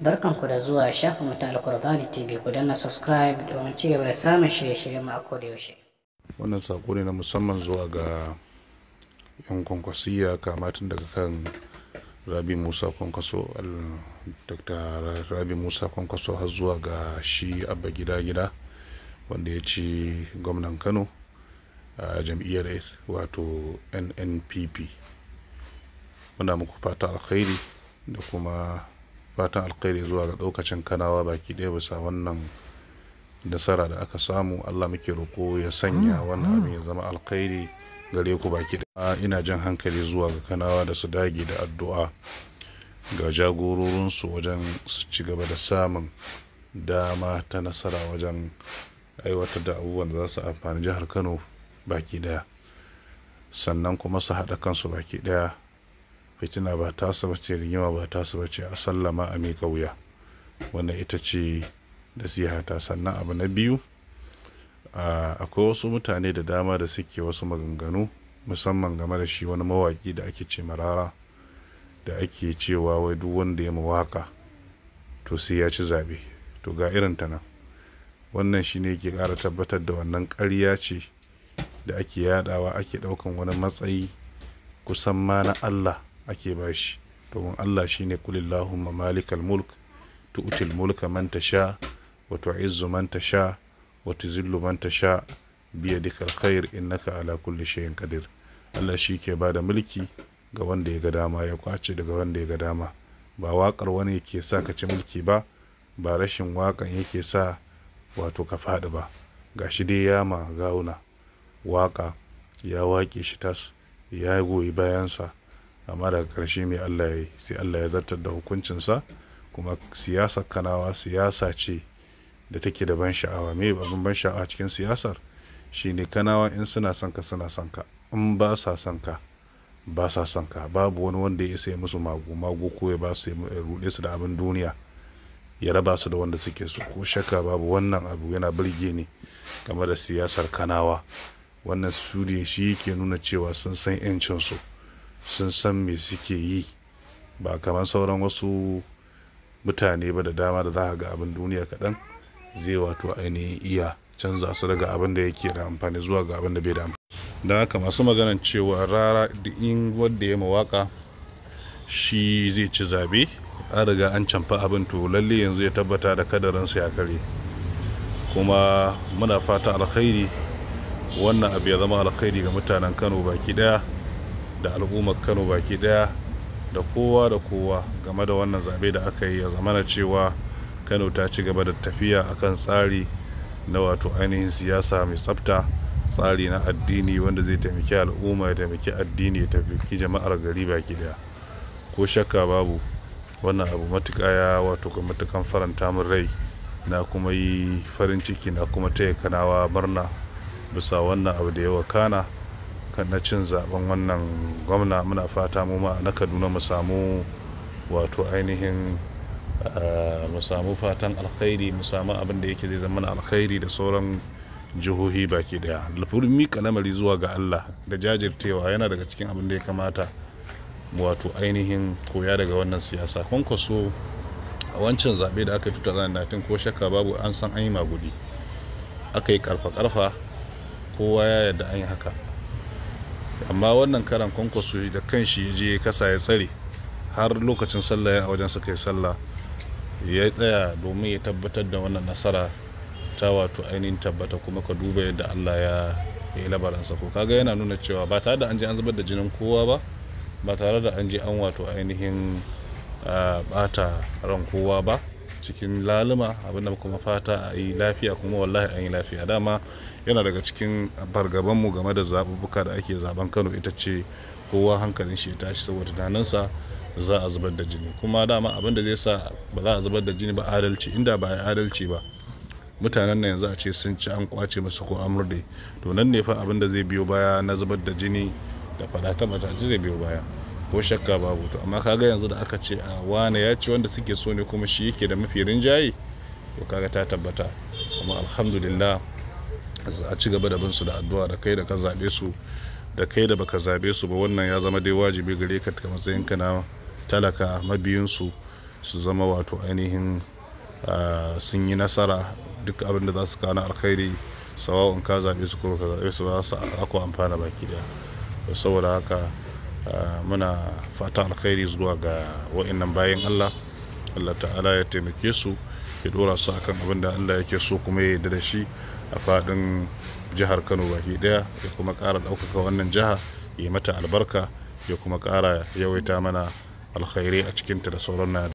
barkan ku da zuwa shafin mu ta alkurbani tv ku danna subscribe domin ci gaba da samun shirye-shiryen mu a koda yaushe wannan sako ne na musamman zuwa ga yan kwankwasiya kamatin daga kan rabi musa kwankwaso dr rabi musa kwankwaso har zuwa ga shi abba gida gida wanda ya ci gwamnan kano a jam'iyyar wato nnpp muna muku fata alkhairi da kuma fatan alkhairi zuwa ga ɗaukacin kanawa baki ɗaya bisa wannan nasara da aka samu allah muke roko ya sanya wannan abin ya zama alkhairi gare ku baki ɗaya ina jan hankali zuwa ga kanawa da su dage da addu'a ga jagororinsu wajen su ci gaba da samun dama ta nasara wajen aiwatar da abubuwan da za su amfani jihar kano baki ɗaya sannan kuma su haɗa kansu baki ɗaya. fitina ba tasa bace rigima ba tasa bace a sallama a miƙa wuya wannan ita ce nasiha ta sannan abu na biyu akwai wasu mutane da dama da suke wasu maganganu musamman game da shi wani mawaƙi da ake ce marara da ake cewa wai duk wanda ya mawaka to sai ya ci zabe to ga irin ta nan wannan shi ne ke ƙara tabbatar da wannan ƙarya ce da ake yadawa ake ɗaukan wani matsayi kusan ma na allah ake ba shi domin Allah shine kulillahumma malikal mulk tu'til mulka man tasha wa tu'izzu man tasha wa tuzillu man tasha in alkhair innaka ala kulli shay'in qadir Allah shi ke bada mulki ga wanda ya ga dama ya kwace daga wanda ya ga dama ba waƙar wani yake sa ka ci mulki ba ba rashin waƙan yake sa wato ka faɗi ba ga shi dai ya ma gauna waƙa ya waƙe shi tas ya goyi bayansa amma daga karshe mai Allah ya yi sai Allah ya zartar da hukuncinsa kuma siyasar kanawa siyasa ce da take da ban sha'awa me abin ban sha'awa cikin siyasar shine kanawa in suna son suna son in ba sa son ka ba sa son babu wani wanda ya yi musu mago mago ko ya ba su rude su da abin duniya ya raba su da wanda suke so ko shakka babu wannan abu yana birge ne game da siyasar kanawa wannan su ne shi ke nuna cewa sun san 'yancinsu sun san me suke yi ba kamar sauran wasu mutane ba da dama da za a ga abin duniya kaɗan zai wato ainihin iya canza su daga abin da yake da amfani zuwa ga abin da bai da amfani don haka masu maganan cewa rara in wanda ya mawaka shi zai ci zabe an riga an canfa abin to lalle yanzu ya tabbata da su ya kare kuma muna fata alkhairi wannan abu ya zama alkhairi ga mutanen kano baki daya da al'ummar kano baki daya da kowa da kowa game da wannan zaɓe da aka yi ya zamana cewa kano ta ci gaba da tafiya akan tsari na wato ainihin siyasa mai tsafta tsari na addini wanda zai taimaki al'umma ya taimaki addini ya taimaki jama'ar gari baki daya ko shakka babu wannan abu matuƙa ya wato ga matukan faranta min rai na kuma yi farin ciki na kuma taya kanawa murna bisa wannan abu da ya wakana kan na cin zaben wannan gwamna muna fata mu ma na kaduna mu samu wato ainihin eh, mu samu fatan alkhairi mu samu abin da yake zai zama alkhairi da sauran jihohi baki daya lafurin mika lamari zuwa ga allah da jajirtewa yana daga cikin abin da ya kamata wato ainihin koya daga wannan siyasa kwankwaso a wancan zaɓe da aka yi 2019 ko shakka babu an san an yi magudi aka yi karfa-karfa kowa ya yarda an yi haka amma wannan karan kwankwaso da kanshi ya je kasa ya tsare har lokacin sallah ya wajen suka yi sallah ya tsaya domin ya tabbatar da wannan nasara ta wato ainihin tabbata kuma ka duba yadda Allah ya yi labaransa ko kaga yana nuna cewa ba tare da an je an zubar da jinin kowa ba ba tare da an je an wato ainihin bata ah, ran kowa ba cikin laluma abinda kuma fata a yi lafiya kuma wallahi an yi lafiya dama yana daga cikin mu game da zaɓuɓɓuka da ake zaben kano ita ce kowa hankalin shi ya tashi saboda tunaninsa za a zubar da jini kuma dama abin da zai sa ba za a zubar da jini ba adalci inda ba ya adalci ba mutanen na yanzu a ce sun ci an kwace musu ko amurde to nan ne fa abin da zai biyo baya na zubar da jini da faɗa ta zai biyo baya ko shakka babu to amma kaga yanzu da aka ce a ah, wane ya ci wanda suke so ne kuma shi yake da mafi rinjaye to kaga ta tabbata amma alhamdulillah a ci gaba da bin su da addu'a da kai da ka zabe su da kai da baka zabe su ba wannan ya zama dai wajibi gare ka matsayin ka na talaka mabiyin su su zama wato ainihin ah, sun yi nasara duk abin da za su kana alkhairi sawa'un ka zabe su ko ka zabe su ba su ako amfana baki daya saboda haka Ah, muna fata alkhairi zuwa ga wa'annan bayan Allah Allah ta'ala ya taimake su ya dora su akan abin da Allah yake so kuma ya yarda da shi a fadin jihar Kano baki ɗaya ya kuma ƙara ɗaukaka wannan jiha ya mata albarka ya kuma ƙara yawaita mana alkhairi a cikinta da sauran